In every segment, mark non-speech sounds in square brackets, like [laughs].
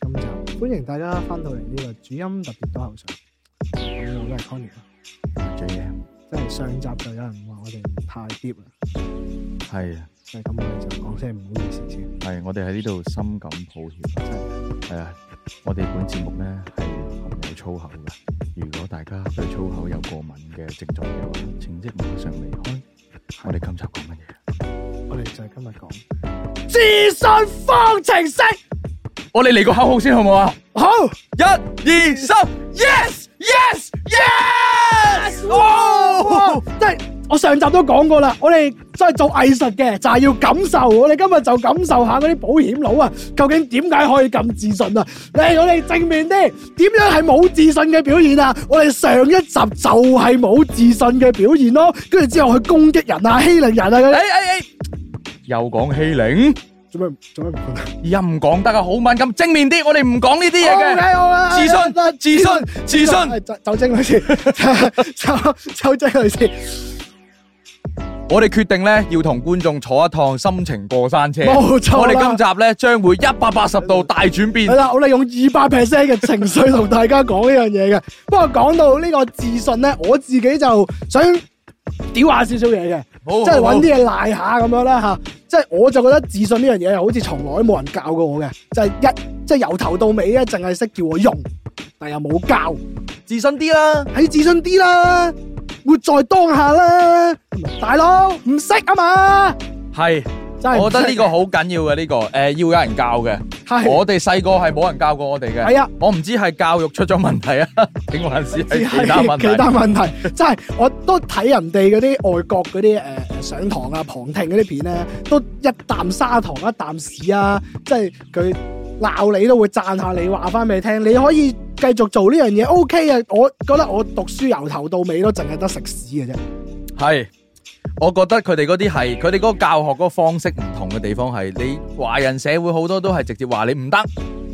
咁就歡迎大家翻到嚟呢個主音，特別多口水。我係 Conny，最嘢。即係、嗯、上集就有人話我哋太 deep 啦，係是。所以咁我哋就講聲唔好意思先。係，我哋喺呢度深感抱歉。係啊是是，我哋本節目咧係含有粗口嘅，如果大家對粗口有過敏嘅症狀嘅話，請即馬上離開、嗯。我哋今集講乜嘢？我哋就係今日講自信方程式。我哋嚟個口號先好唔好啊？好，一、二、三，Yes，Yes，Yes！哇，真係我上集都講過啦，我哋即係做藝術嘅就係要感受，我哋今日就感受下嗰啲保險佬啊，究竟點解可以咁自信啊？誒，我哋正面啲，點樣係冇自信嘅表現啊？我哋上一集就係冇自信嘅表現咯，跟住之後去攻擊人啊，欺凌人啊，誒誒誒，又講欺凌。做咩唔做咩唔講得？而家唔講得啊，好敏感，正面啲，我哋唔講呢啲嘢嘅。自信，自信，自信。走走精佢先，走走精佢先。我哋決定咧，要同觀眾坐一趟心情過山車。冇錯啦。我哋今集咧，將會一百八十度大轉變。係啦，我哋用二百 percent 嘅情緒同大家講呢樣嘢嘅。不過講到呢個自信咧，我自己就想。屌沒了 下少少嘢嘅，即係搵啲嘢賴下咁樣啦吓，即係我就覺得自信呢樣嘢好似從來都冇人教過我嘅，就係、是、一即係、就是、由頭到尾啊，淨係識叫我用，但又冇教，自信啲啦，啦，喺自信啲啦，活在當下啦，大佬唔識啊嘛，係。我覺得呢個好緊要嘅呢、這個，誒、呃、要有人教嘅。係、啊、我哋細個係冇人教過我哋嘅。係啊，我唔知係教育出咗問題啊，定還是係其他問題，其他問題， [laughs] 真係我都睇人哋嗰啲外國嗰啲誒上堂啊旁聽嗰啲片咧，都一啖砂糖一啖屎啊！即係佢鬧你都會讚下你話返俾你聽，你可以繼續做呢樣嘢 OK 啊！我覺得我讀書由頭到尾都淨係得食屎嘅啫，係、啊。我覺得佢哋嗰啲係，佢哋嗰個教學嗰個方式唔同嘅地方係，你華人社會好多都係直接話你唔得，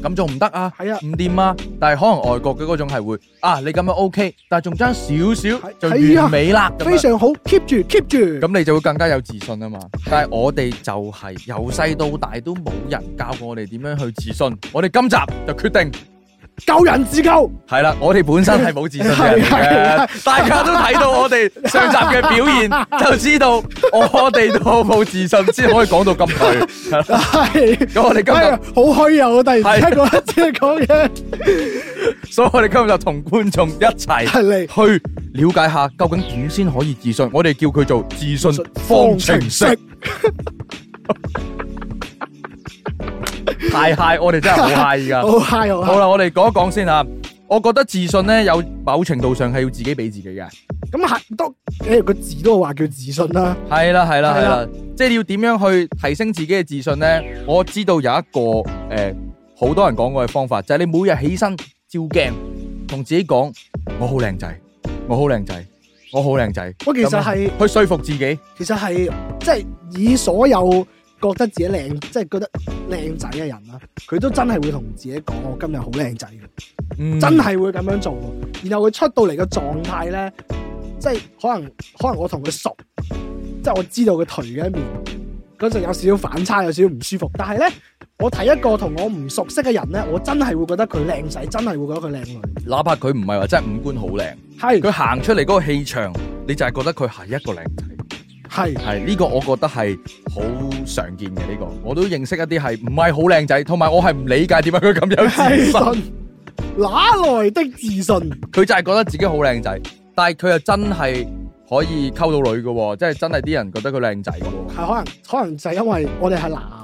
咁仲唔得啊？係是啊，唔掂啊！但係可能外國嘅嗰種係會，啊，你咁樣 OK，但係仲差少少就完美啦，是啊、樣非常好，keep 住，keep 住，咁你就會更加有自信啊嘛。但係我哋就係由細到大都冇人教過我哋點樣去自信，我哋今集就決定。救人自救，係啦！我哋本身係冇自信嘅人， [laughs] 大家都睇到我哋上集嘅表現， [laughs] 就知道我哋都冇自信先可以講到咁句。係，咁 [laughs] 是的 [laughs] 我哋今日好虛啊。我哋聽講一啲講嘢， [laughs] 所以我哋今日就同觀眾一齊去了解下，究竟點先可以自信？我哋叫佢做自信方程式。 [laughs] [laughs] 太嗨，我哋真係好嗨㗎，好嗨好。好啦，我哋講一講先啊。我覺得自信咧，有某程度上係要自己俾自己嘅。咁係都誒個字都話叫自信啦。係啦係啦係啦，即係你要點樣去提升自己嘅自信咧？我知道有一個誒，好多人講過嘅方法就係你每日起身照鏡，同自己講我好靚仔，我好靚仔，我好靚仔。我其實係去說服自己。其實係即係以所有。覺得自己靚，即係覺得靚仔嘅人啦，佢都真係會同自己講：我今日好靚仔嘅，嗯、真係會咁樣做。然後佢出到嚟嘅狀態咧，即係可能可能我同佢熟，即係我知道佢頹嘅一面，嗰陣有少少反差，有少少唔舒服。但係咧，我睇一個同我唔熟悉嘅人咧，我真係會覺得佢靚仔，真係會覺得佢靚女。哪怕佢唔係話真係五官好靚，係佢行出嚟嗰個氣場，你就係覺得佢係一個靚仔。係係呢個我覺得係好常見嘅呢、這個，我都認識一啲係唔係好靚仔，同埋我係唔理解點解佢咁有自信，哪來的自信？佢 [laughs] 就係覺得自己好靚仔，但係佢又真係可以溝到女嘅，即、就、係、是、真係啲人覺得佢靚仔喎。係可能可能就係因為我哋係男。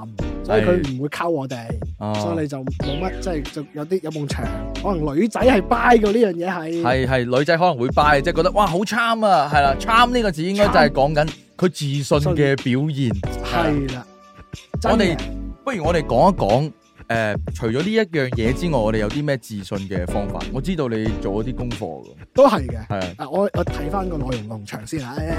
佢唔會溝我哋，啊、所以你就冇乜，即係就是、有啲有夢場，可能女仔係 buy 嘅呢樣嘢係，係係女仔可能會 buy，即係覺得哇好 charm 啊，係啦 charm 呢個字應該就係講緊佢自信嘅表現，係啦。我哋不如我哋講一講，誒、呃，除咗呢一樣嘢之外，我哋有啲咩自信嘅方法？我知道你做咗啲功課㗎，都係嘅，係啊。我我睇翻個內容農場先啊，嚟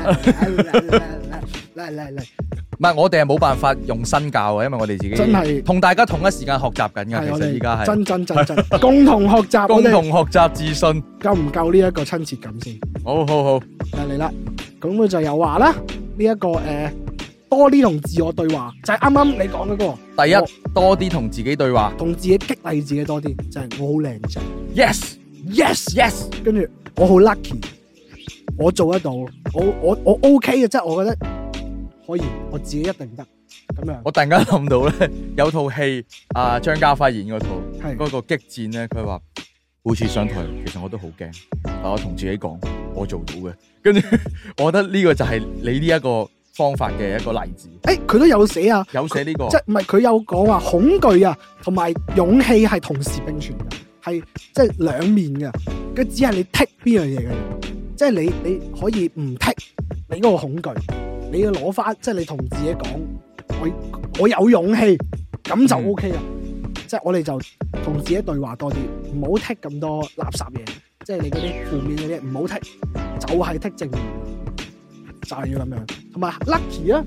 嚟嚟。哎唔係，我哋係冇辦法用新教嘅，因為我哋自己真係同大家同一時間學習緊噶，其實而家係真真真真， [laughs] 共同學習，共同學習自信，夠唔夠呢一個親切感先？好好好，嚟啦，咁佢就又話啦，呢、這、一個誒、呃，多啲同自我對話，就係啱啱你講嗰個，第一我多啲同自己對話，同自己激勵自己多啲，就係、是、我好靚仔，yes yes yes，跟住我好 lucky，我做得到，我我我，我 OK 嘅，即係我覺得。可以，我自己一定得咁樣，我突然間諗到咧，有套戲啊，張家輝演嗰套，嗰是、嗰個激戰咧，佢話每次上台，其實我都好驚，但我同自己講，我做到嘅。跟住，我覺得呢個就係你呢一個方法嘅一個例子。誒、欸，佢都有寫啊，有寫呢個，即係唔係佢有講話恐懼啊，同埋勇氣係同時並存嘅，係即係兩面嘅。佢只係你剔邊樣嘢嘅，即係你即你，你，你可以唔剔你嗰個恐懼。你要攞翻，即係你同自己講，我我有勇氣，咁就 OK 啦。嗯、即係我哋就同自己對話多啲，唔好剔咁多垃圾嘢。即係你嗰啲負面嗰啲，唔好剔，就係、是、剔正面，就係要咁樣。同埋 lucky 啊，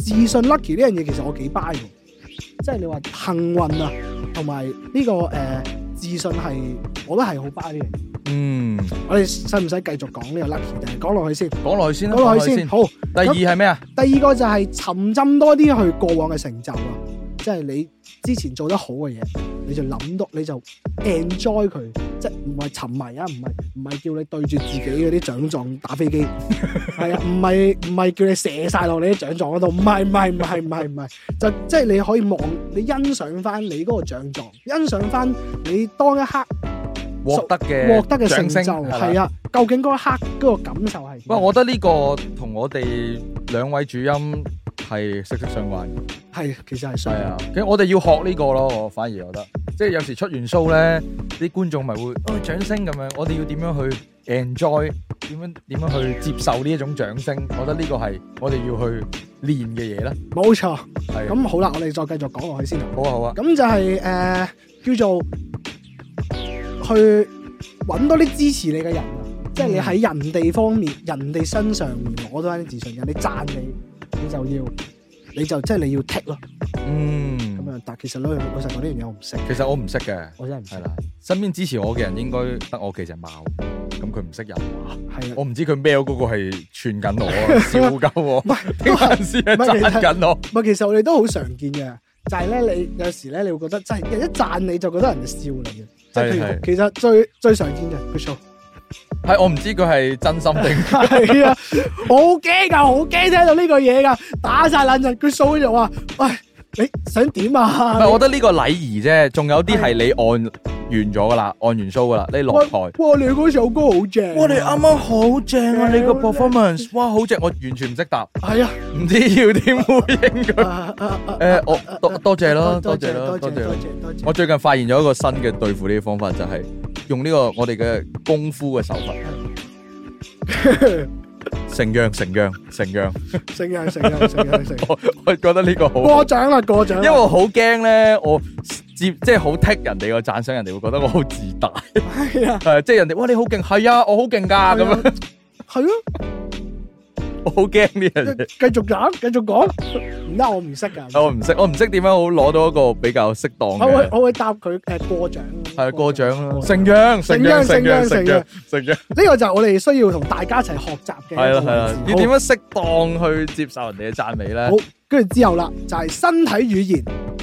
自信 lucky 呢樣嘢，其實我幾 buy 嘅。即係你話幸運啊，同埋呢個誒。呃自信係，我覺得係好巴嘢。嗯，我哋使唔使繼續講呢個 lucky 定係講落去先？講落去先啦。講落去先。好。第二係咩啊？第二個就係沉浸多啲去過往嘅成就啊。即係你之前做得好嘅嘢，你就諗到，你就 enjoy 佢，即係唔係沉迷啊？唔係唔係叫你對住自己嗰啲獎狀打飛機，係 [laughs] 啊，唔係唔係叫你射晒落你啲獎狀嗰度，唔係唔係唔係唔係唔係， [laughs] 就即係你可以望你欣賞翻你嗰個獎狀，欣賞翻你當一刻。獲得嘅獲得嘅成就係吧啊，究竟嗰一刻嗰個感受係？不過我覺得呢個同我哋兩位主音係息息相關嘅，係其實係，係啊，其實、啊、我哋要學呢個咯，我反而覺得，即係有時出完 show 咧，啲觀眾咪會啊、哎、掌聲咁樣，我哋要點樣去 enjoy，點樣點樣去接受呢一種掌聲？我覺得呢個係我哋要去練嘅嘢咧。冇錯錯，係咁、啊、好啦，我哋再繼續講落去先好、啊。好啊好啊，咁就係、是、誒、呃、叫做。去揾多啲支持你嘅人啊！嗯、即係你喺人哋方面、人哋身上面攞到一啲自信人哋你讚你，你就要，你就即係你要剔 a 咯。嗯。咁啊，但其實老老實講，呢樣嘢我唔識。其實我唔識嘅，我真係唔識。係啦，身邊支持我嘅人應該得我幾隻貓。咁佢唔識人話，係我唔知佢喵嗰個係串緊我，笑鳩。唔係，啲粉絲讚緊我。不過其實我哋都好常見嘅，就係、是、咧，你有時咧你會覺得，真係一讚你就覺得人哋笑你啊。其實最最常見嘅佢數係我唔知佢係真心定係啊！好驚噶，好驚聽到呢個嘢噶，打晒冷陣，佢數完就話：喂，你想點啊？唔係，我覺得呢個禮儀啫，仲有啲係你按。完咗噶啦，按完 show 噶啦，你落台。哇，你嗰首歌好正。我哋啱啱好正啊，你個 performance，哇，好正，我完全唔識答。係啊，唔知要點回應佢。誒，我多多謝咯，多謝咯，多謝多謝。我最近發現咗一個新嘅對付呢啲方法，就係用呢個我哋嘅功夫嘅手法。承讓，承讓，承讓，承讓，承讓，承，我覺得呢個好過獎啦過獎。因為我好驚咧，我。接即係好 take 人哋個讚賞，人哋會覺得我好自大。係啊，誒，即係人哋，哇，你好勁，係啊，我好勁噶咁樣，係啊，我好驚呢樣嘢。繼續講，繼續講，唔得，我唔識噶我唔識，我唔識點樣好攞到一個比較適當。我會我會答佢誒過獎。係啊，過獎啦。承讓，承讓，承讓，承讓，承讓。呢個就係我哋需要同大家一齊學習嘅。係啦，係啦，要點樣適當去接受人哋嘅讚美咧？好，跟住之後啦，就係身體語言。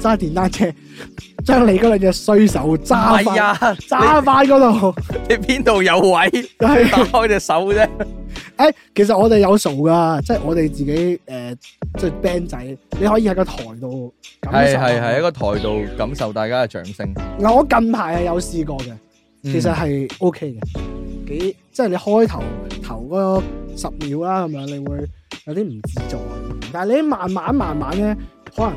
揸電單車，將你嗰兩隻衰手揸翻，揸翻嗰度。你邊度有位？ [laughs] 就係、是、 [laughs] 打開隻手啫。誒、欸，其實我哋有數㗎，即、就、係、是、我哋自己誒，即、呃、係、就是、band 仔，你可以喺個台度感受。係係係喺個台度感受大家嘅掌聲。 [laughs] 我近排係有試過嘅，其實係 OK 嘅，幾即係你開頭頭嗰十秒啦，咁樣？你會有啲唔自在，但係你慢慢慢慢咧，可能。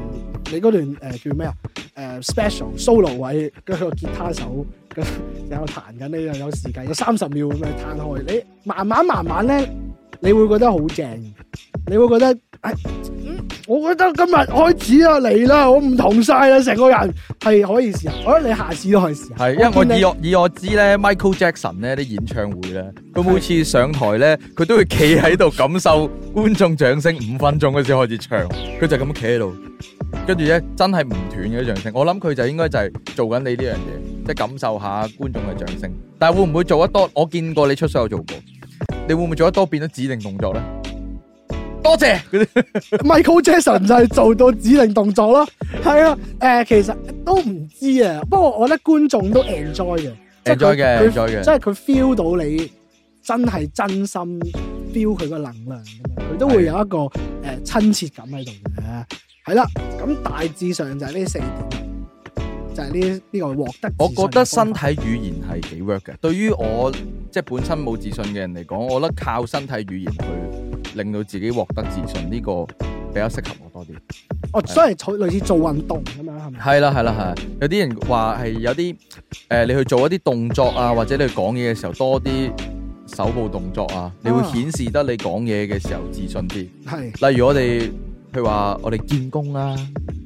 你嗰段誒、呃、叫咩啊？誒、呃、Special Solo 位，嗰、那個結他手佢有彈緊，呢，又有時間，有三十秒咁樣彈開，你慢慢慢慢咧，你會覺得好正。你會覺得誒、哎，我覺得今日開始啊嚟啦，我唔同晒啦，成個人係可以試下，我覺得你下次都可以試下。係因為我，我以我以我知咧，Michael Jackson 咧啲演唱會咧，佢每次上台咧，佢都會企喺度感受觀眾掌聲五分鐘嗰時候開始唱，佢就咁企喺度，跟住咧真係唔斷嘅掌聲。我諗佢就應該就係做緊你呢樣嘢，即係感受下觀眾嘅掌聲。但係會唔會做得多？我見過你出手做過，你會唔會做得多變咗指定動作咧？多謝，謝 [laughs] ，Michael Jackson 就係做到指令動作咯。係 [laughs] 啊，誒、呃，其實都唔知啊。不過我覺得觀眾都 enjoy 嘅，enjoy 嘅，enjoy 嘅，即係佢 feel 到你真係真心 feel 佢個能量，佢是都會有一個誒親切感喺度嘅。係啦，咁大致上就係呢四點，就係呢呢個獲得。我覺得身體語言係幾 work 嘅。對於我即係、就是、本身冇自信嘅人嚟講，我覺得靠身體語言去。令到自己獲得自信呢個比較適合我多啲。哦，所以做類似做運動咁樣係咪？係啦係啦係。有啲人話係有啲誒、呃，你去做一啲動作啊，或者你去講嘢嘅時候多啲手部動作啊，啊你會顯示得你講嘢嘅時候自信啲。係是。例如我哋。譬如話我哋見工啦、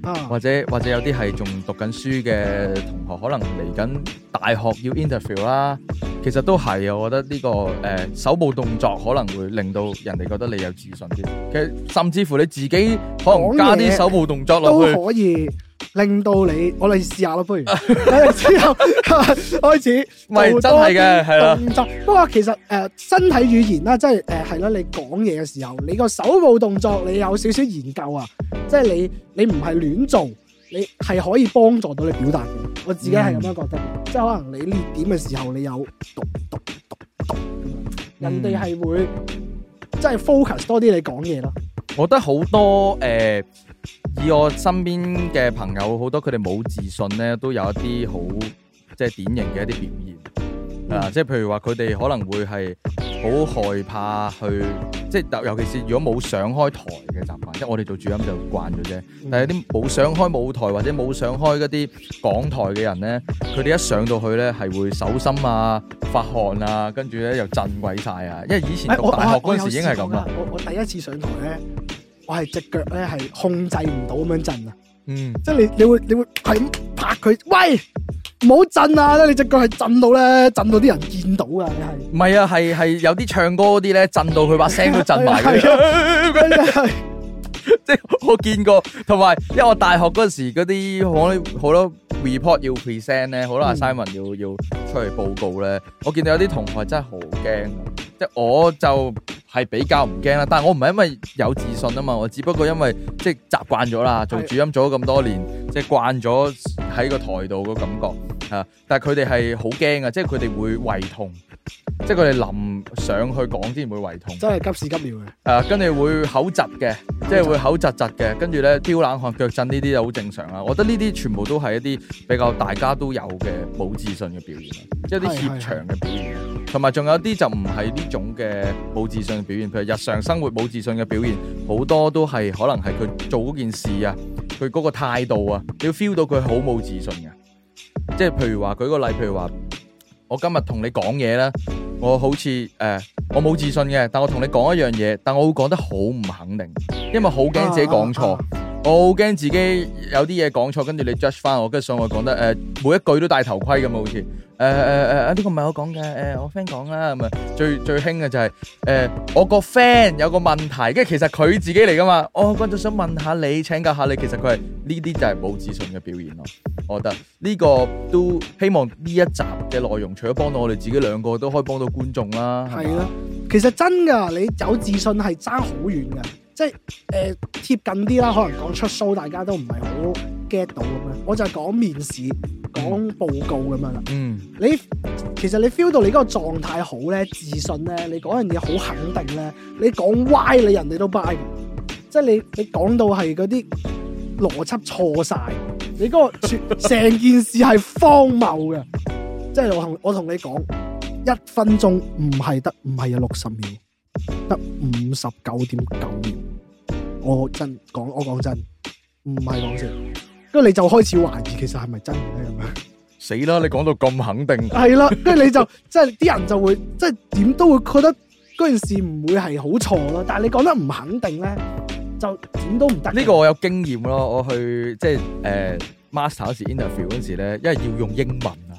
uh. 或，或者或者有啲係仲讀緊書嘅同學，可能嚟緊大學要 interview 啦，其實都係啊，我覺得呢、呢個誒、呃、手部動作可能會令到人哋覺得你有自信啲，其實甚至乎你自己可能加啲手部動作落去都可以。令到你，我哋試下咯，不如？ [laughs] 之後開始，唔係真係嘅，動作。不過其實誒、呃，身體語言啦，即係誒，係、呃、啦。你講嘢嘅時候，你個手部動作，你有少少研究啊。即係你，你唔係亂做，你係可以幫助到你表達嘅。我自己係咁樣覺得，嗯、即係可能你呢點嘅時候，你有讀讀讀讀，人哋係會、嗯、即係 focus 多啲你講嘢咯。我覺得好多誒。呃以我身邊嘅朋友好多，佢哋冇自信咧，都有一啲好即係典型嘅一啲表現，嗯、啊！即係譬如話，佢哋可能會係好害怕去，即係尤其是如果冇上開台嘅習慣，即係我哋做主音就慣咗啫。嗯、但係有啲冇上開舞台或者冇上開嗰啲講台嘅人咧，佢哋一上到去咧係會手心啊、發汗啊，跟住咧又震鬼晒啊！因為以前讀大學嗰陣時已經係咁啦。我我，我，我、啊、我，我第一次上台咧。我係隻腳咧係控制唔到咁樣震啊，嗯即，即係你你會你會係拍佢，喂，唔好震啊！咧你隻腳係震到咧，震到啲人見到、嗯、 [laughs] 啊！你係唔係啊？係係有啲唱歌嗰啲咧震到佢把聲都震埋，係係，即係我見過，同埋因為我大學嗰時嗰啲好多 report 要 present 咧，好多 assignment 要要出去報告咧，我見到有啲同學真係好驚，即係我就。係比較唔驚啦，但係我唔係因為有自信啊嘛，我只不過因為即係習慣咗啦，做主音咗咁多年，即係慣咗喺個台度個感覺啊。但係佢哋係好驚噶，即係佢哋會胃痛，即係佢哋臨上去講之前會胃痛，真係急屎急尿嘅。誒、啊，跟住會口窒嘅，即係會口窒窒嘅，跟住咧，飆冷汗、腳震呢啲就好正常啦。我覺得呢啲全部都係一啲比較大家都有嘅冇自信嘅表現，即係啲怯場嘅表現。的同埋仲有啲就唔係呢種嘅冇自信表現，譬如日常生活冇自信嘅表現，好多都係可能係佢做嗰件事啊，佢嗰個態度啊，你要 feel 到佢好冇自信嘅。即係譬如話，舉個例，譬如話我今日同你講嘢啦，我好似誒、呃、我冇自信嘅，但我同你講一樣嘢，但我會講得好唔肯定，因為好驚自己講錯。Oh, oh, oh. 我好驚自己有啲嘢講錯，跟住你 judge 翻我，跟住上以我講得誒、呃，每一句都戴頭盔咁啊，好似誒誒誒，呢、呃這個唔係我講嘅，誒、呃、我 friend 講啦，咁啊最最興嘅就係、是、誒、呃、我個 friend 有個問題，跟住其實佢自己嚟噶嘛，我就想問下你，請教下你，其實佢係呢啲就係冇自信嘅表現咯，我覺得呢個都希望呢一集嘅內容，除咗幫到我哋自己兩個，都可以幫到觀眾啦，係咯的，吧其實真噶，你有自信係差好遠嘅。即係誒、呃、貼近啲啦，可能講出 show 大家都唔係好 get 到咁樣，我就係講面試講報告咁樣啦。嗯，你其實你 feel 到你嗰個狀態好咧，自信咧，你講樣嘢好肯定咧，你講歪你人哋都 buy 即係你你講到係嗰啲邏輯錯晒，你嗰個成件事係荒謬嘅， [laughs] 即係我同我同你講一分鐘唔係得，唔係有六十秒。得五十九點九秒，我真講，我講真，唔係講笑，跟住你就開始懷疑，其實係咪真嘅？死啦！你講到咁肯定，係 [laughs] 啦，跟住你就即係啲人就會即係點都會覺得嗰件事唔會係好錯咯。但係你講得唔肯定咧，就點都唔得。呢個我有經驗咯，我去即係誒、呃、master 嗰時 interview 嗰時咧，因為要用英文。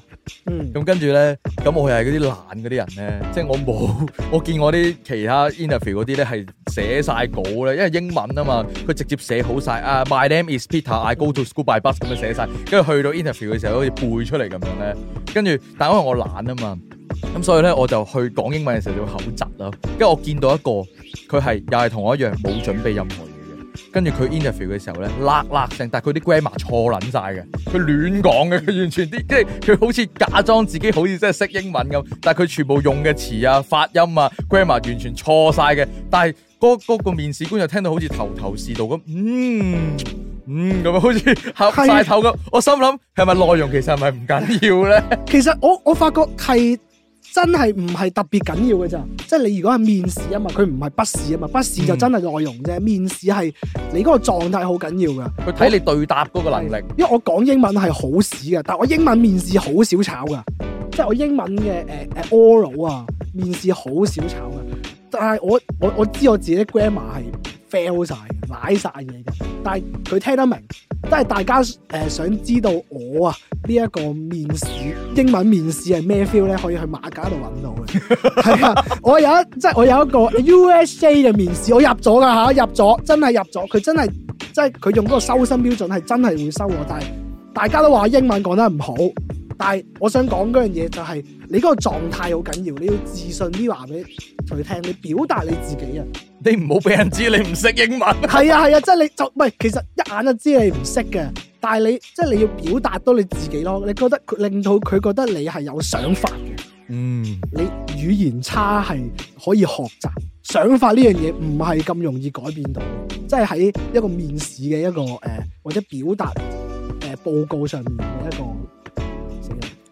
嗯，咁跟住咧，咁我係嗰啲懶嗰啲人咧，即係我冇，我見我啲其他 interview 嗰啲咧係寫晒稿咧，因為英文啊嘛，佢直接寫好晒，啊，my name is Peter，I go to school by bus 咁樣寫晒，跟住去到 interview 嘅時候，好似背出嚟咁樣咧，跟住，但係因為我懶啊嘛，咁所以咧我就去講英文嘅時候就要口窒囉，跟住我見到一個，佢係又係同我一樣冇準備任何。跟住佢 interview 嘅時候咧，叻叻聲，但係佢啲 grammar 錯撚晒嘅，佢亂講嘅，佢完全啲，即係佢好似假裝自己好似真係識英文咁，但係佢全部用嘅詞啊、發音啊、grammar 完全錯晒嘅。但係嗰嗰個面試官又聽到好似頭頭是道咁，嗯嗯咁樣好似嚇晒頭咁。是我心諗係咪內容其實係咪唔緊要咧？其實我我發覺係。真係唔係特別緊要嘅咋？即係你如果係面試啊嘛，佢唔係筆試啊嘛，筆試就真係內容啫，嗯、面試係你嗰個狀態好緊要噶，佢睇你對答嗰個能力。因為我講英文係好屎㗎，但係我英文面試好少炒㗎，即係我英文嘅誒誒 oral 啊，uh, oral, 面試好少炒㗎，但係我我我知我自己 grammar 係，掟晒嘅，瀨晒嘢嘅，但係佢聽得明，即係大家誒、呃，想知道我啊呢一、這個面試，英文面試係咩 feel 咧？可以去馬甲度搵到嘅，係 [laughs] 啊，我有一即係、就是、我有一個 USA 嘅面試，我入咗噶吓，入咗，真係入咗，佢真係即係佢用嗰個收生標準係真係會收我，但係大家都話英文講得唔好，但係我想講嗰樣嘢就係、是、你嗰個狀態好緊要，你要自信啲話俾佢聽，你表達你自己啊。你唔好俾人知你唔識英文。係啊係啊，即係、啊就是、你就唔係，其實一眼就知你唔識嘅。但係你即係、就是、你要表達到你自己咯。你覺得令到佢覺得你係有想法嘅。嗯，你語言差係可以學習，想法呢樣嘢唔係咁容易改變到。即係喺一個面試嘅一個誒、呃，或者表達誒、呃、報告上面嘅一個。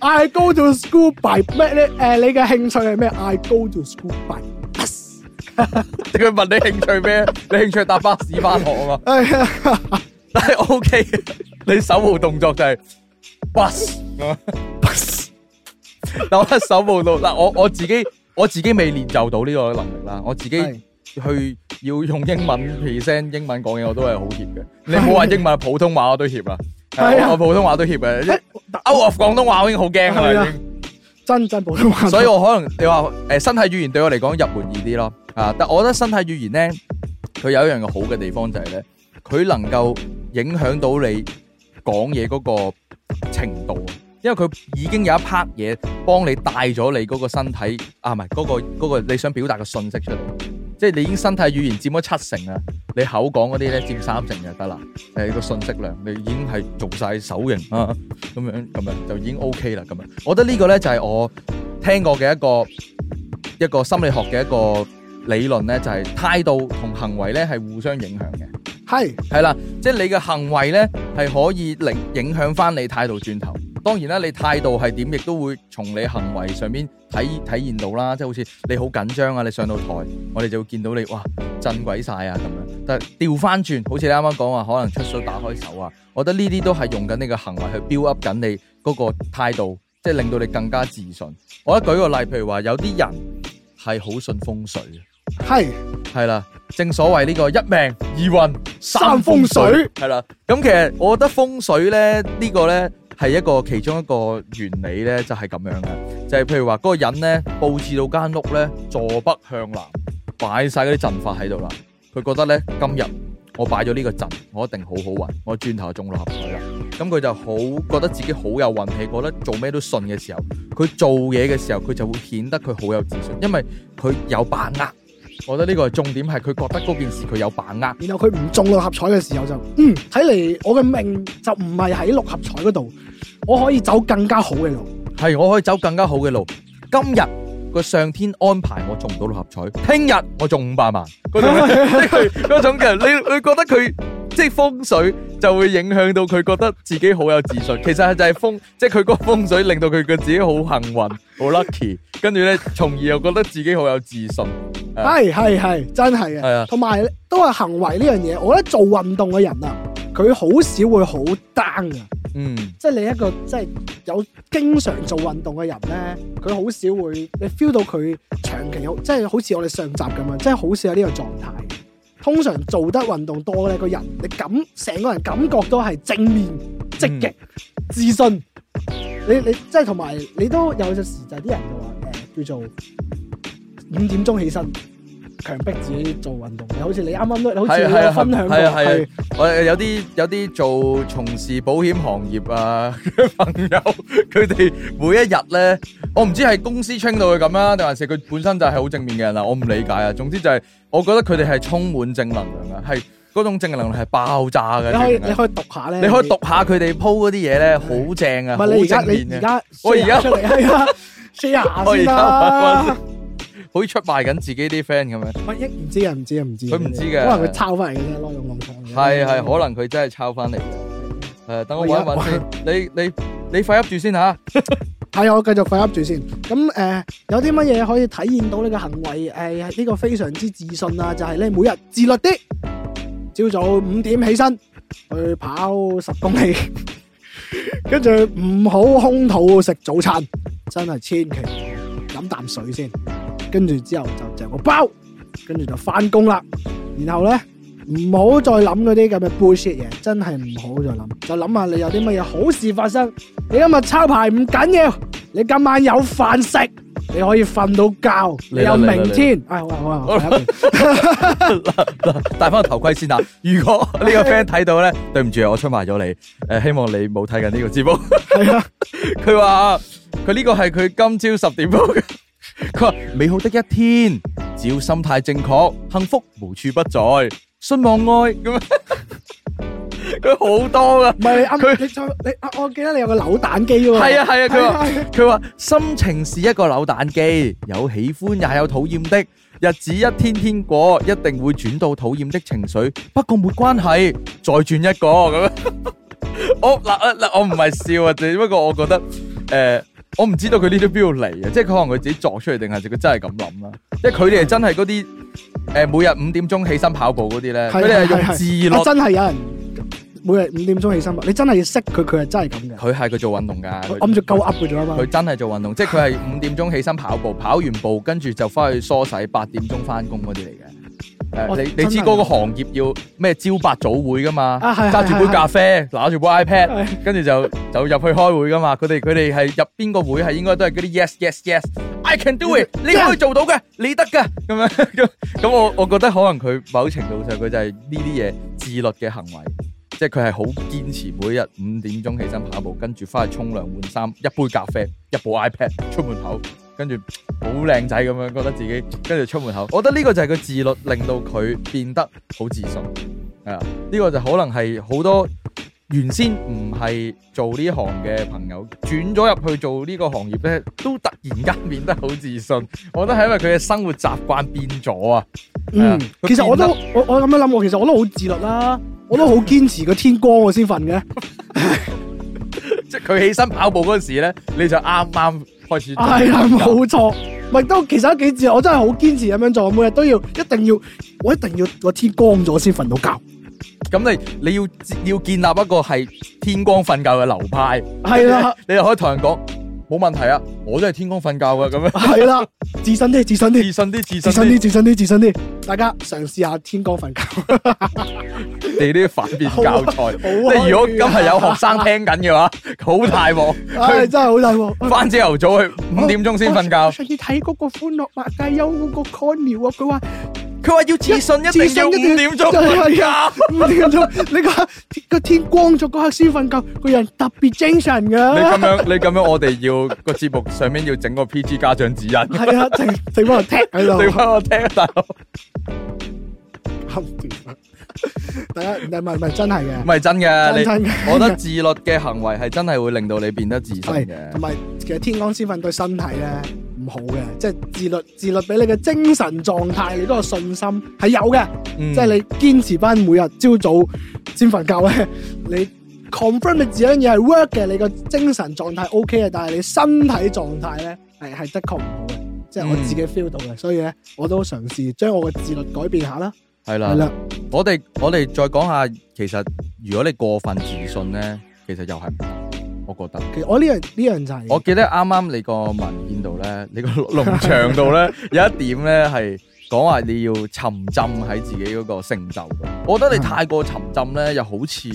I go to school by 咩咧？誒、呃，你嘅興趣係咩？I go to school by bus。佢 [laughs] 問你興趣咩？ [laughs] 你興趣搭巴士返學啊嘛？ [laughs] 但係 OK，你手部動作就係、是、bus，bus。嗱， [laughs] [laughs] 我手部動，嗱，我我自己我自己未練就到呢個能力啦。我自己去要用英文 present 英文講嘢，我都係好怯嘅。你唔好話英文普通話我都怯啊。啊、我普通話都怯嘅，啊、out of 我廣東話我已經好驚啊！你真真普通話， [laughs] 所以我可能你話誒身體語言對我嚟講入門易啲咯。啊，但我覺得身體語言咧，佢有一樣好嘅地方就係、是、咧，佢能夠影響到你講嘢嗰個程度，因為佢已經有一 part 嘢幫你帶咗你嗰個身體啊，唔係嗰個嗰個你想表達嘅信息出嚟。即係你已經身體語言佔咗七成啊，你口講嗰啲咧佔三成就得啦。誒，個信息量你已經係做晒手型啊，咁樣咁樣就已經 OK 啦。咁樣，我覺得呢個咧就係我聽過嘅一個一個心理學嘅一個理論咧，就係態度同行為咧係互相影響嘅。係係啦，即係你嘅行為咧係可以令影響翻你態度轉頭。當然啦，你態度係點，亦都會從你行為上面體體現到啦。即係好似你好緊張啊，你上到台，我哋就會見到你，哇，震鬼晒啊咁樣。但係調翻轉，好似你啱啱講話，可能出手打開手啊，我覺得呢啲都係用緊你嘅行為去 build up 緊你嗰個態度，即係令到你更加自信。我覺得舉個例，譬如話有啲人係好信風水，係係啦，正所謂呢個一命二運三風水，係啦。咁其實我覺得風水咧呢個咧。係一個其中一個原理呢就係咁樣嘅，就係譬如話嗰個人呢佈置到間屋呢坐北向南，擺晒嗰啲陣法喺度啦。佢覺得呢，今日我擺咗呢個陣，我一定好好運，我轉頭就中六合彩啦。咁佢就好覺得自己好有運氣，覺得做咩都順嘅時候，佢做嘢嘅時候佢就會顯得佢好有自信，因為佢有把握。我覺得呢個係重點，係佢覺得嗰件事佢有把握，然後佢唔中六合彩嘅時候就，嗯，睇嚟，我嘅命就唔係喺六合彩嗰度，我可以走更加好嘅路。係，我可以走更加好嘅路。今日個上天安排我中唔到六合彩，聽日我中五百萬，嗰種即係 [laughs] [laughs] [laughs] 嗰種嘅，你你覺得佢即係風水？就會影響到佢覺得自己好有自信，其實係就係風，即係佢嗰個風水令到佢嘅自己好幸運，好 lucky，跟住咧，從而又覺得自己好有自信。係係係，真係嘅，係啊，同埋都係行為呢樣嘢。我覺得做運動嘅人啊，佢好少會好 down 啊，嗯，即係你一個即係、就是、有經常做運動嘅人咧，佢好少會，你 feel 到佢長期有，即、就、係、是、好似我哋上集咁樣，即係好少有呢個狀態。通常做得運動多咧，個人你感成個人感覺都係正面、積極、自信。嗯、你你即係同埋你都有陣時就啲人就話誒叫做五點鐘起身，強迫自己做運動，又好似你啱啱都好似分享過佢，是我係有啲有啲做從事保險行業啊 [laughs] 朋友，佢哋每一日咧，我唔知係公司稱到佢咁啊，定還是佢本身就係好正面嘅人啊，我唔理解啊。總之就係我覺得佢哋係充滿正能量啊，係嗰種正能量係爆炸嘅。你可以你可以讀下咧，你可以讀下佢哋 po 嗰啲嘢咧，好正啊，好是正面嘅。我而家我而家先啊。 [laughs] 可以出賣緊自己啲 friend 咁樣？我一唔知啊，唔知啊，唔知。佢唔知嘅，可能佢抄翻嚟嘅啫，攞用論係係，可能佢真係抄翻嚟。誒，等我搵一搵你你你快噏住先吓。係啊， [laughs] [laughs] 我繼續快噏住先。咁誒、呃，有啲乜嘢可以體驗到你嘅行為？誒、呃，呢、這個非常之自信啊，就係咧，每日自律啲，朝早五點起身去跑十公里，跟住唔好空肚食早餐，真係千祈飲啖水先。跟住之後就就個包，跟住就翻工啦。然後咧唔好再諗嗰啲咁嘅悲雪嘢，真係唔好再諗。就諗下你有啲乜嘢好事發生。你今日抄牌唔緊要，你今晚有飯食，你可以瞓到覺，你有明天。啊、哎，好啊好啊，戴翻個頭盔先啊。如果呢個 friend 睇到咧，對唔住，我出賣咗你。誒，希望你冇睇緊呢個節目。係 [laughs] 啊，佢話佢呢個係佢今朝十點播。佢話美好的一天，只要心態正確，幸福無處不在。信望愛咁樣，佢好多㗎，唔係佢你再你，我記得你有個扭蛋機喎。係啊係啊，佢話佢話心情是一個扭蛋機，有喜歡，也有討厭的。日子一天天過，一定會轉到討厭的情緒。不過沒關係，再轉一個咁。我嗱嗱，我唔係笑啊，只不過我覺得誒。我唔知道佢呢啲邊度嚟嘅，即係佢可能佢自己作出嚟，定係佢真係咁諗啦。即係佢哋係真係嗰啲誒，每日五點鐘起身跑步嗰啲咧，佢哋係用自律。是是是真係有人每日五點鐘起身，你真係要識佢，佢係真係咁嘅。佢係佢做運動噶，我諗住夠 up 嘅咋嘛。佢真係做運動，即係佢係五點鐘起身跑步，跑完步跟住就翻去梳洗，八點鐘翻工嗰啲嚟嘅。你我你知嗰個行業要咩朝八早會噶嘛？揸住、啊、杯咖啡，攞住部 iPad，跟住就就入去開會噶嘛？佢哋佢哋係入邊個會係應該都係嗰啲 yes yes yes，I can do it，你可以做到嘅，你得噶咁樣咁。咁我我覺得可能佢某程度上佢就係呢啲嘢，自律嘅行為，即係佢係好堅持每日五點鐘起身跑步，跟住返去沖涼換衫，一杯咖啡，一部 iPad 出門口。跟住好靚仔咁樣，覺得自己跟住出門口，我覺得呢個就係佢自律令到佢變得好自信，啊，呢個就可能係好多原先唔係做呢行嘅朋友轉咗入去做呢個行業咧，都突然間變得好自信。我覺得係因為佢嘅生活習慣變咗啊。嗯其，其實我都我我咁樣諗，我其實我都好自律啦，我都好堅持個天光我先瞓嘅，即係佢起身跑步嗰時咧，你就啱啱。係啦，冇錯，咪都其實都幾次我真係好堅持咁樣做，每日都要，一定要，我一定要個天光咗先瞓到覺。咁你你要要建立一個係天光瞓覺嘅流派，係啦的， [laughs] 你又可以同人講。冇問題啊，我都係天光瞓覺噶，咁樣係啦，自信啲，自信啲，自信啲，自信啲，自信啲，自信啲，大家嘗試下天光瞓覺，你啲反面教材，即係如果今日有學生聽緊嘅話，好大鑊，唉真係好大鑊，翻朝頭早去五點鐘先瞓覺，上次睇嗰個歡樂麥界有個 Ko Neil 啊，佢話佢話要自信一定要五點鐘瞓覺，五點鐘你講。個天光咗嗰刻先瞓覺，個人特別精神㗎。你咁樣，你咁樣，我哋要個節目上面要整個 PG 家長指引。係啊，停停返我聽喺度，停返我聽到。吓死我！第一唔係唔係真係嘅，唔係真嘅。真嘅，我覺得自律嘅行為係真係會令到你變得自信嘅。同埋其實天光先瞓對身體咧。好嘅，即係自律，自律俾你嘅精神狀態，你嗰個信心係有嘅。嗯、即係你堅持翻每日朝早先瞓覺咧， [laughs] 你 confirm 嘅自己嘢係 work 嘅，你個精神狀態 OK 嘅，但係你身體狀態咧係係的確唔好嘅，即係、嗯、我自己 feel 到嘅。所以咧，我都嘗試將我嘅自律改變下啦。係啦、嗯，係啦了，我哋我哋再講下，其實如果你過分自信咧，其實又係。唔我覺得，其實我呢樣呢樣就係，我記得啱啱你個文件度咧，你個農場度咧，有一點咧係講話你要沉浸喺自己嗰個成就度。我覺得你太過沉浸咧，又好似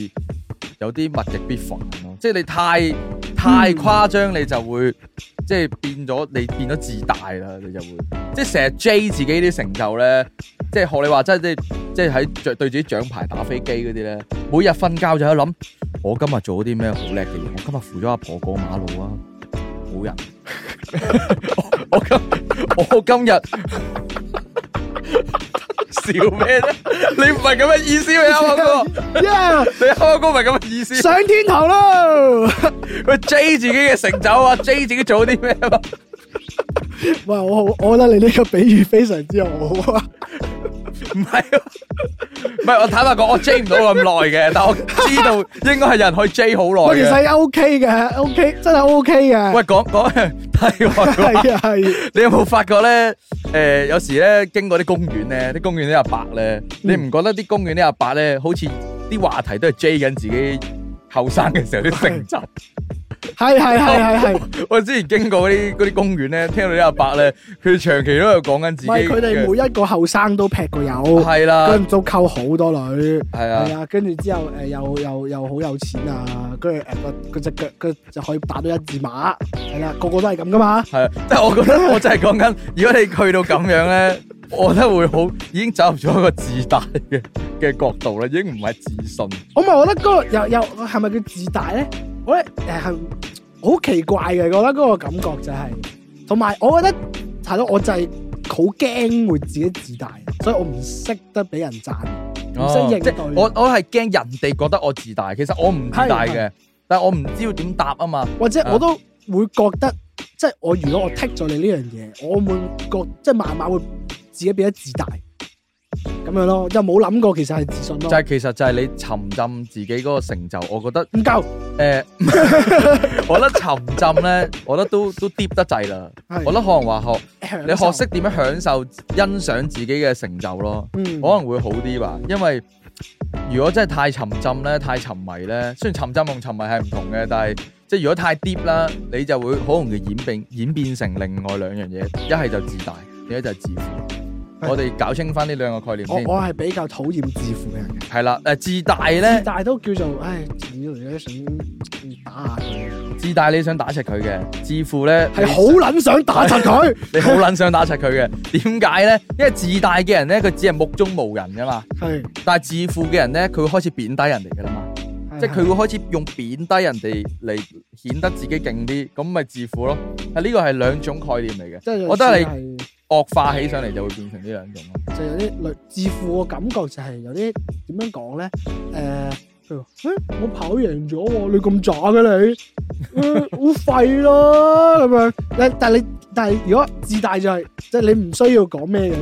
有啲物極必反咯，即係你太太誇張、嗯，你就會即係變咗你變咗自大啦，你就會即係成日 j 自己啲成就咧，即係學你話齋，即係即係喺着對住啲獎牌打飛機嗰啲咧，每日瞓覺就喺諗我今日做咗啲咩好叻嘅嘢？我今日扶咗阿婆過馬路啊，好人！ [laughs] 我，我今我今日笑咩咧？你唔係咁嘅意思咩？啊，阿哥！你阿哥唔係咁嘅意思，上天堂啦！佢 [laughs] [laughs] 追自己嘅成就啊，追自己做啲咩啊？唔 [laughs] 係我，我覺得你呢個比喻非常之好啊！ [laughs] 唔係，唔係， [laughs] 我坦白講，我 j 唔到咁耐嘅，但我知道應該係有人可以 j 好耐。我其實 O K 嘅，O K 真係 O K 嘅。喂，講講係啊係，你有冇發覺咧？誒、呃，有時咧經過啲公園咧，啲公園啲阿伯咧，你唔覺得啲公園啲阿伯咧，好似啲話題都係 j 緊自己後生嘅時候啲成就。的 [laughs] 係係係係係，是是是是，我之前經過嗰啲啲公園咧，聽到啲阿伯咧，佢長期都有講緊自己。佢哋每一個後生都劈過友，係啦的，跟都溝好多女，係啊的，跟住的之後誒、呃，又又又好有錢啊，跟住誒個隻腳，佢、呃、就可以打到一字馬，係啦，個個都係咁噶嘛。係，即係我覺得我真係講緊， [laughs] 如果你去到咁樣咧，我覺得會好，已經走入咗一個自大嘅嘅角度咧，已經唔係自信。我咪覺得嗰、那個又又係咪叫自大咧？我咧誒係。呃好奇怪嘅，我覺得嗰個感覺就係、是，同埋我覺得係咯，我就係好驚會自己自大，所以我唔識得俾人讚，唔識應對。我我係驚人哋覺得我自大，其實我唔自大嘅，但係我唔知道點答啊嘛。或者我都的會覺得，即係我如果我剔咗你呢樣嘢，我會覺即係慢慢會自己變得自大。咁樣咯，又冇諗過，其實係自信咯。就係其實就係你沉浸自己嗰個成就，我覺得唔夠。誒，我覺得沉浸咧，我覺得都都 deep 得滯啦。是我覺得可能話學受你學識點樣享受、欣賞自己嘅成就咯，嗯、可能會好啲吧。因為如果真係太沉浸咧、太沉迷咧，雖然沉浸同沉迷係唔同嘅，但係即係如果太 deep 啦，你就會好容易演變演變成另外兩樣嘢，一係就自大，一係就自負。是我哋搞清翻呢兩個概念先。我我係比較討厭自負嘅人嘅。係啦，誒自大咧，自大都叫做，唉，有啲想打下佢。自大你想打柒佢嘅，自負咧係好撚想打柒佢，你好撚想打柒佢嘅。點解咧？因為自大嘅人咧，佢只係目中無人噶嘛。係的。但係自負嘅人咧，佢會開始貶低人哋噶啦嘛。即係佢會開始用貶低人哋嚟顯得自己勁啲，咁咪自負咯。係、這、呢個係兩種概念嚟嘅。我覺得你。惡化起上嚟就會變成呢兩種咯，就有啲自負嘅感覺就，就係有啲點樣講咧？誒，佢、欸、話，我跑贏咗喎，你咁渣嘅你，好、 [laughs] 欸、廢咯咁樣。但你但你但係如果自大就係，即係你唔需要講咩嘅。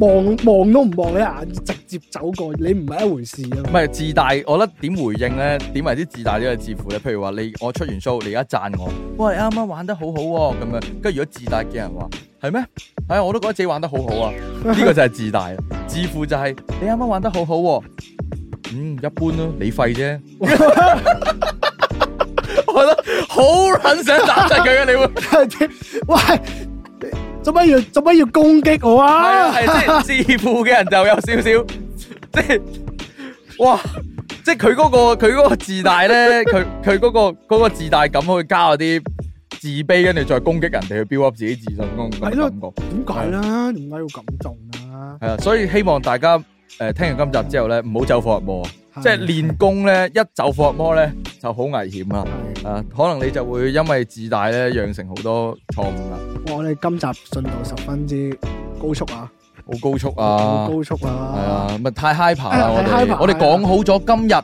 望望都唔望你眼，直接走過，你唔係一回事啊，唔係自大，我覺得點回應咧？點為之自大個自呢？點為之自負咧？譬如話你我出完 show，你而家讚我，喂，啱啱玩得好好、啊、喎，咁樣。跟住如果自大嘅人話係咩？係啊、哎，我都覺得自己玩得好好啊。呢 [laughs] 個就係自大。自負就係、是、你啱啱玩得好好、啊，嗯，一般咯，你廢啫。我覺得好撚想打實佢啊。你會，喂。做乜要做乜要攻擊我啊？係 [laughs] 即係自負嘅人就有少少，即係哇，即係佢嗰個佢嗰個自大咧，佢佢嗰個嗰、嗰個自大感去加下啲自卑，跟住再攻擊人哋去 build up 自己自信嗰種感覺。點解咧？點解的的要咁做？啊？係啊，所以希望大家誒聽、呃、完今集之後咧，唔好走火入魔。即係練功咧，一走火魔咧就好危險啦。啊，可能你就會因為自大咧，養成好多錯誤啦。我哋今集進度十分之高速啊，好高速啊，高速啊，咪太 hyper 啦！我哋我哋講好咗，今日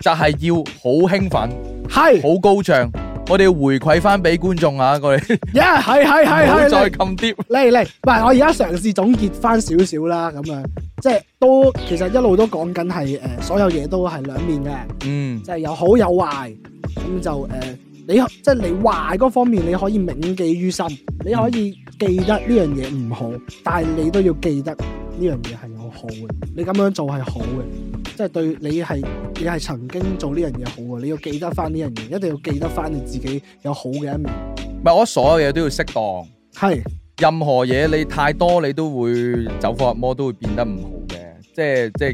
就係要好興奮，係好高漲，我哋要回饋翻俾觀眾啊！我哋，係係係係，唔好再撳跌嚟嚟。唔係，我而家嘗試總結翻少少啦，咁樣。即係都，其實一路都講緊係，誒、呃，所有嘢都係兩面嘅，嗯，即係有好有壞，咁就誒、呃，你即係你壞嗰方面，你可以銘記於心，你可以記得呢樣嘢唔好，但係你都要記得呢樣嘢係有好嘅，你咁樣做係好嘅，即係對你係你係曾經做呢樣嘢好嘅，你要記得返呢樣嘢，一定要記得返你自己有好嘅一面。唔係，我所有嘢都要適當。係。任何嘢你太多，你都會走火入魔，都會變得唔好嘅。即係即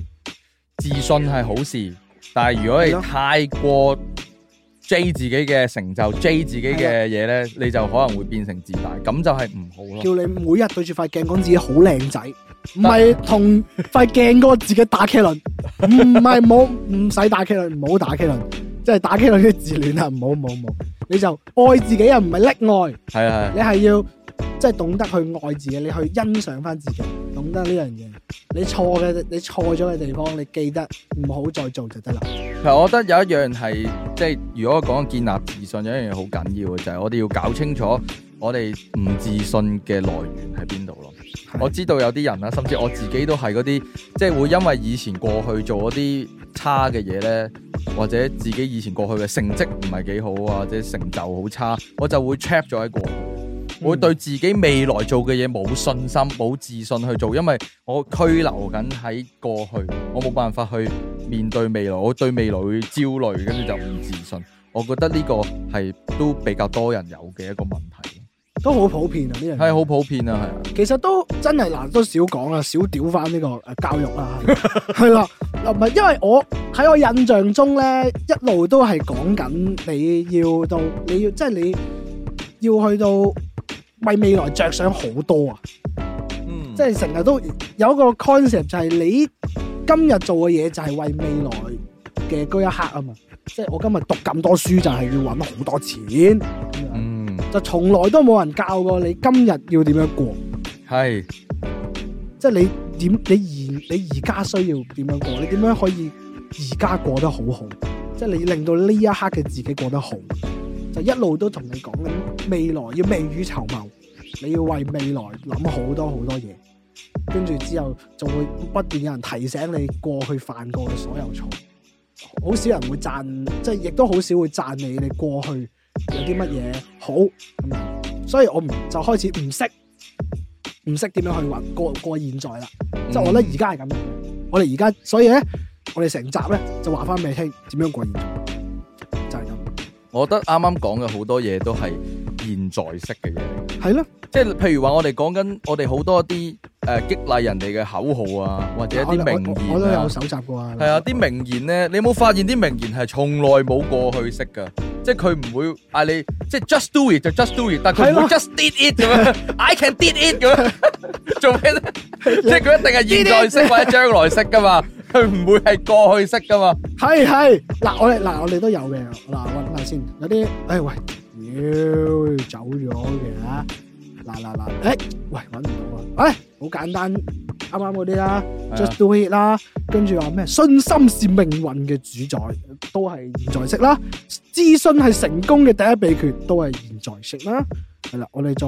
係自信係好事，但係如果你太過 j 自己嘅成就 j 的自己嘅嘢咧，你就可能會變成自大，咁就係唔好咯。叫你每日對住塊鏡講自己好靚仔，唔係同塊鏡個自己打茄輪，唔係冇，唔使打茄輪，唔好打茄輪，即係打茄輪嘅自戀啊！唔好，冇冇， [laughs] 你就愛自己又唔係溺愛。係啊的， [laughs] 你係要。即係懂得去愛自己，你去欣賞翻自己，懂得呢樣嘢。你錯嘅，你錯咗嘅地方，你記得唔好再做就得啦。其實我覺得有一樣係，即係如果講建立自信，有一樣嘢好緊要嘅就係、是、我哋要搞清楚我哋唔自信嘅來源喺邊度咯。的我知道有啲人啦，甚至我自己都係嗰啲，即係會因為以前過去做嗰啲差嘅嘢咧，或者自己以前過去嘅成績唔係幾好啊，或者成就好差，我就會 trap 咗喺過。會對自己未來做嘅嘢冇信心、冇自信去做，因為我拘留緊喺過去，我冇辦法去面對未來，我對未來會焦慮，跟住就唔自信。我覺得呢個係都比較多人有嘅一個問題，都好普遍啊！呢樣係好普遍啊，係。其實都真係難，都少講、這個、啊，少屌翻呢個教育啦，係啦，唔係，因為我喺我印象中咧，一路都係講緊你要到你要，即、就、係、是、你要去到。為未來着想，好多啊。嗯、即係成日都有一個 concept 就係你今日做嘅嘢就係為未來嘅嗰一刻啊嘛，即係我今日讀咁多書就係要搵好多錢。嗯嗯、就從來都冇人教過你今日要點樣過，係是，即係你點你而你而家需要點樣過，你點樣可以而家過得好好，即係你令到呢一刻嘅自己過得好。一路都同你講緊未來，要未雨綢繆，你要為未來諗好多好多嘢，跟住之後仲會不斷有人提醒你過去犯過嘅所有錯，好少人會讚，即係亦都好少會讚你你過去有啲乜嘢好，咁樣，所以我唔就開始唔識唔識點樣去過過現在啦，即係我覺得而家係咁樣嘅，我哋而家所以咧，我哋成集咧就話翻俾你聽點樣過現在。我覺得啱啱講嘅好多嘢,都係現在式嘅嘢，係咯，即係譬如話我哋講緊我哋好多啲誒激勵人哋嘅口號啊，或者一啲名言，我都有搜集過啊。係啊，啲名言咧，你冇發現啲名言係從來冇過去式噶，即係佢唔會嗌你即係 just do it 就 just do it，但係佢唔會 just did it 咁樣，I can did it 咁樣，做咩咧？即係佢一定係現在式或者將來式噶嘛。佢唔會係過去式㗎嘛，係係，嗱我哋，嗱我哋都有嘅，嗱諗下先有啲，哎喂，妖走咗嘅，嗱嗱嗱，哎喂搵唔到啊，哎。好簡單，啱啱嗰啲啦，just do it 啦，跟住話咩信心是命運嘅主宰，都係現在式啦。自信係成功嘅第一祕訣，都係現在式啦。係啦，我哋再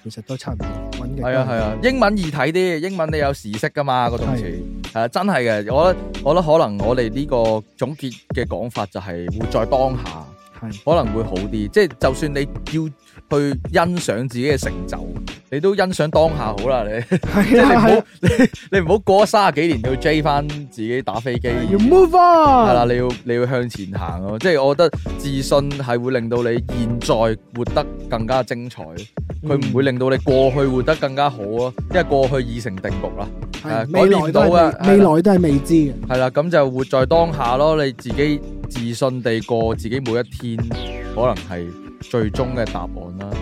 其實都差唔多揾嘅。係啊係啊，英文易睇啲，英文你有時識噶嘛，嗰種詞係啊的，真係嘅。我覺得我覺得可能我哋呢個總結嘅講法就係、是、活在當下，係的可能會好啲。即係就算你要去欣賞自己嘅成就。你都欣賞當下好啦，你係 [laughs] 你唔好 [laughs] 你你唔好過卅幾年要追翻自己打飛機。要 [laughs] move on 係啦，你要你要向前行咯。即、就、係、是、我覺得自信係會令到你現在活得更加精彩，佢唔、嗯、會令到你過去活得更加好咯，因為過去已成定局啦。係改變唔到嘅，未來都係未，未，未知嘅。係啦，咁就活在當下咯，你自己自信地過自己每一天，可能係最終嘅答案啦。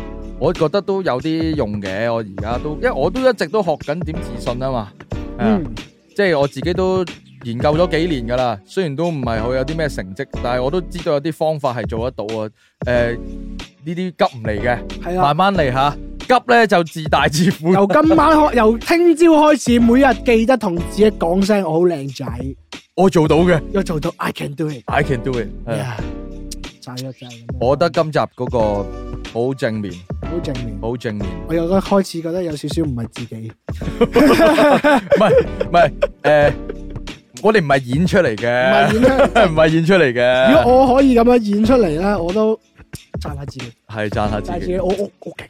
我覺得都有啲用嘅，我而家都，因為我都一直都學緊點自信啊嘛，即係我自己都研究咗幾年噶啦，雖然都唔係好有啲咩成績，但係我都知道有啲方法係做得到啊。誒，呢啲急唔嚟嘅，係啊，慢慢嚟吓，急咧就自大自負。由今晚學，由聽朝開始，每日記得同自己講聲我好靚仔，我做到嘅，我做到，I can do it，I can do it。我覺得今集嗰個好正面。好正面，好正面。我由一開始覺得有少少唔係自己，唔係唔係，誒、呃，我哋唔係演出嚟嘅，唔係演出，嚟嘅。 [laughs] [laughs] 如果我可以咁樣演出嚟咧，我都讚下自己。係讚下,下自己，我我 OK,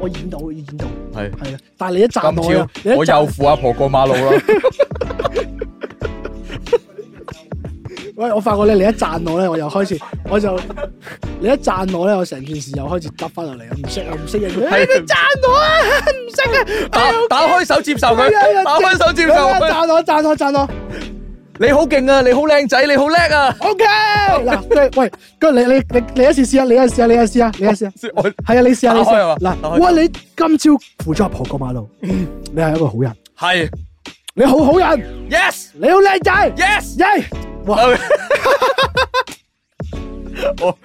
我演到，我演到，我演到，係係啦。但係你一讚我，超我又扶阿婆過馬路啦。 [laughs] 喂，我發覺咧，你一讚我咧，我又開始，我就你一讚我咧，我成件事又開始得翻落嚟，唔識啊，唔識啊。你哋讚我啊，唔識啊！打打開手接受佢，打開手接受佢。讚我，讚我，讚我！你好勁啊！你好靚仔，你好叻啊！O K，嗱，喂，跟住你你你你一次試下啊，你一試下啊，你一試下啊，你一試下啊，係啊，你試下啊，你試下啊，嗱，喂，你今朝扶咗阿婆過馬路，你係一個好人，係，你好好人，Yes，你好靚仔，Yes，Yes！我，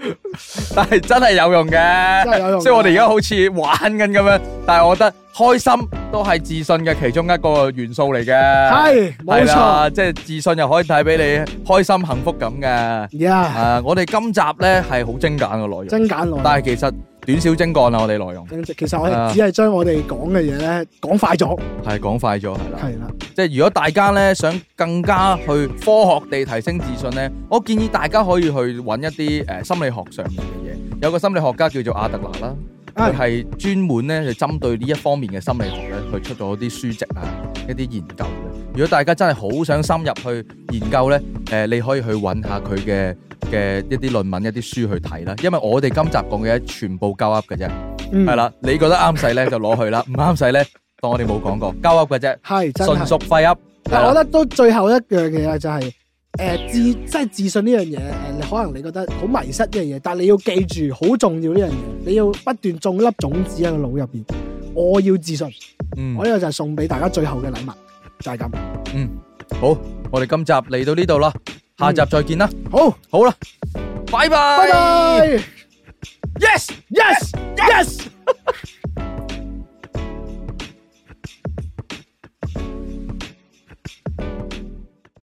但係真係有用嘅，真係有用。即係我哋而家好似玩緊咁樣，但係我覺得開心都係自信嘅其中一個元素嚟嘅。係，冇錯，即係自信又可以帶俾你開心、幸福感嘅。啊，我哋今集呢係好精簡嘅內容，精簡內容，但係其實。短小精乾啦，我哋內容。其實我哋只係將我哋講嘅嘢咧講快咗。係講快咗，係啦。係啦的，即係如果大家咧想更加去科學地提升自信咧，我建議大家可以去揾一啲誒心理學上面嘅嘢。有個心理學家叫做阿德勒啦。啊，係專門咧去針對呢一方面嘅心理學咧，去出咗啲書籍啊，一啲研究、啊。如果大家真係好想深入去研究咧，誒、呃，你可以去揾下佢嘅嘅一啲論文、一啲書去睇啦。因為我哋今集講嘅全部交噏嘅啫，係啦、嗯。你覺得啱使咧就攞去啦，唔啱使咧當我哋冇講過，交噏嘅啫，純屬廢噏。我覺得都最後一樣嘅嘢就係、是。誒、呃，自即係自信呢樣嘢，誒、呃，你可能你覺得好迷失呢樣嘢，但係你要記住好重要呢樣嘢，你要不斷種粒種子喺個腦入邊，我要自信。嗯，我呢個就係送俾大家最後嘅禮物，就係、是、咁。嗯，好，我哋今集嚟到呢度啦，下集再見啦、嗯。好，好啦，拜拜。拜拜。Yes. Yes. Yes. yes. [laughs]